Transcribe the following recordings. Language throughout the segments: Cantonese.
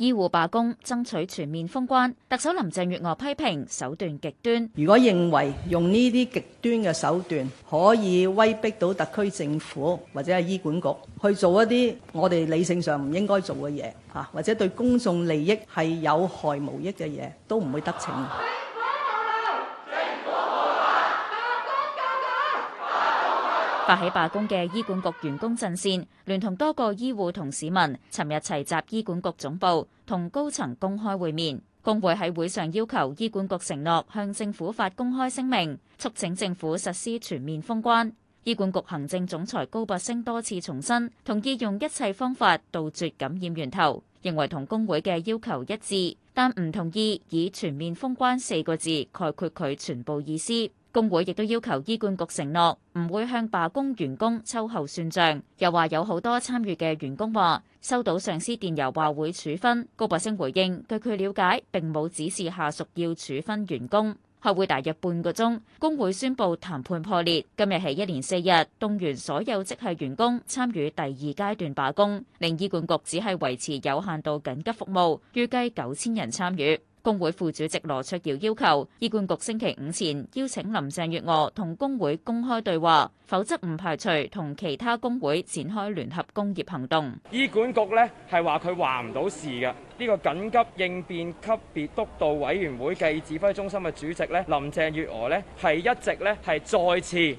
醫護罷工爭取全面封關，特首林鄭月娥批評手段極端。如果認為用呢啲極端嘅手段可以威逼到特區政府或者係醫管局去做一啲我哋理性上唔應該做嘅嘢，吓或者對公眾利益係有害無益嘅嘢，都唔會得逞。發起罷工嘅醫管局員工陣線，聯同多個醫護同市民，尋日齊集醫管局總部同高層公開會面。工會喺會上要求醫管局承諾向政府發公開聲明，促請政府實施全面封關。醫管局行政總裁高拔陞多次重申，同意用一切方法杜絕感染源頭，認為同工會嘅要求一致，但唔同意以全面封關四個字概括佢全部意思。工會亦都要求醫管局承諾唔會向罷工員工秋後算賬，又話有好多參與嘅員工話收到上司電郵話會處分。高拔陞回應：據佢了解，並冇指示下屬要處分員工。開會大約半個鐘，工會宣布談判破裂。今日係一連四日動員所有職系員工參與第二階段罷工，令醫管局只係維持有限度緊急服務，預計九千人參與。工會副主席羅卓瑤要求醫管局星期五前邀請林鄭月娥同工會公開對話，否則唔排除同其他工會展開聯合工業行動。醫管局呢係話佢話唔到事嘅。呢個緊急應變級別督導委員會暨指揮中心嘅主席咧，林鄭月娥咧係一直咧係再次拒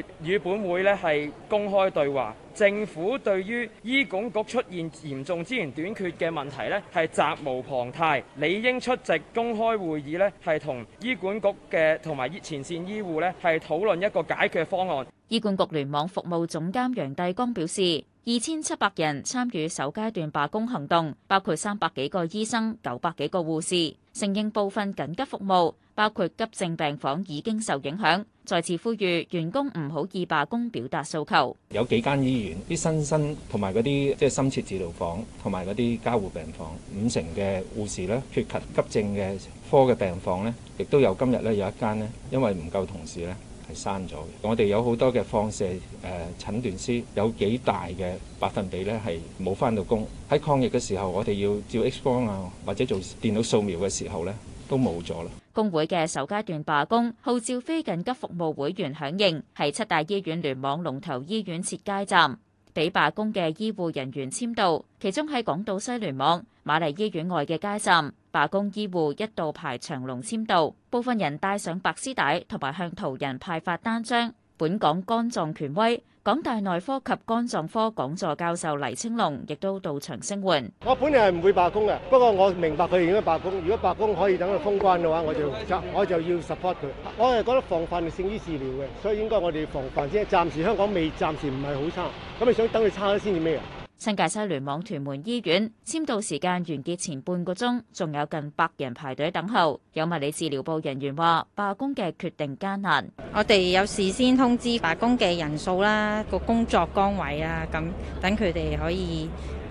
絕與本會，咧係公開對話。政府對於醫管局出現嚴重資源短缺嘅問題，咧，係責無旁貸，理應出席公開會議，咧，係同醫管局嘅同埋前線醫護，咧係討論一個解決方案。醫管局聯網服務總監楊諦岡表示，二千七百人參與首階段罷工行動，包括三百幾個醫生、九百幾個護士，承認部分緊急服務，包括急症病房已經受影響。再次呼籲員工唔好以罷工表達訴求。有幾間醫院啲新生同埋嗰啲即係深切治療房同埋嗰啲加護病房，五成嘅護士呢，缺勤，急症嘅科嘅病房呢，亦都有今日呢有一間呢，因為唔夠同事呢。係刪咗嘅。我哋有好多嘅放射誒診斷師，有幾大嘅百分比咧，係冇翻到工。喺抗疫嘅時候，我哋要照 X 光啊，或者做電腦掃描嘅時候咧，都冇咗啦。工會嘅首階段罷工，號召非緊急服務會員響應，係七大醫院聯網龍頭醫院設街站，俾罷工嘅醫護人員簽到，其中喺港島西聯網瑪麗醫院外嘅街站，罷工醫護一度排長龍簽到，部分人戴上白絲帶，同埋向途人派發單張。本港肝臟權威、港大內科及肝臟科講座教授黎青龍亦都到場聲援。我本來係唔會罷工嘅，不過我明白佢哋應該罷工。如果罷工可以等佢封關嘅話，我就我就要 support 佢。我係覺得防範係勝於治療嘅，所以應該我哋防範。即係暫時香港未，暫時唔係好差。咁你想等佢差咗先至咩啊？新界西聯網屯門醫院簽到時間完結前半個鐘，仲有近百人排隊等候。有物理治療部人員話：罷工嘅決定艱難。我哋有事先通知罷工嘅人數啦，個工作崗位啊，咁等佢哋可以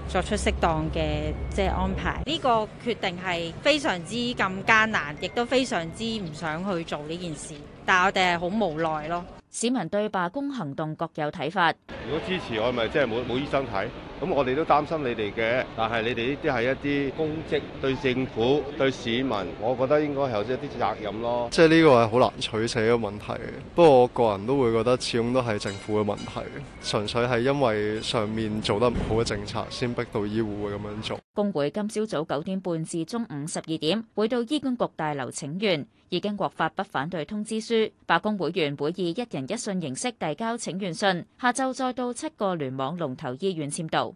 作出適當嘅即係安排。呢個決定係非常之咁艱難，亦都非常之唔想去做呢件事，但我哋係好無奈咯。市民對罷工行動各有睇法。如果支持我，咪即係冇冇醫生睇。咁我哋都擔心你哋嘅，但係你哋呢啲係一啲公職對政府對市民，我覺得應該係有啲責任咯。即係呢個係好難取捨嘅問題。不過我個人都會覺得，始終都係政府嘅問題。純粹係因為上面做得唔好嘅政策，先逼到醫護會咁樣做。工會今朝早九點半至中午十二點會到醫管局大樓請願。已經獲發不反對通知書，罷工會員會以一人一信形式遞交請願信，下晝再到七個聯網龍頭醫院簽到。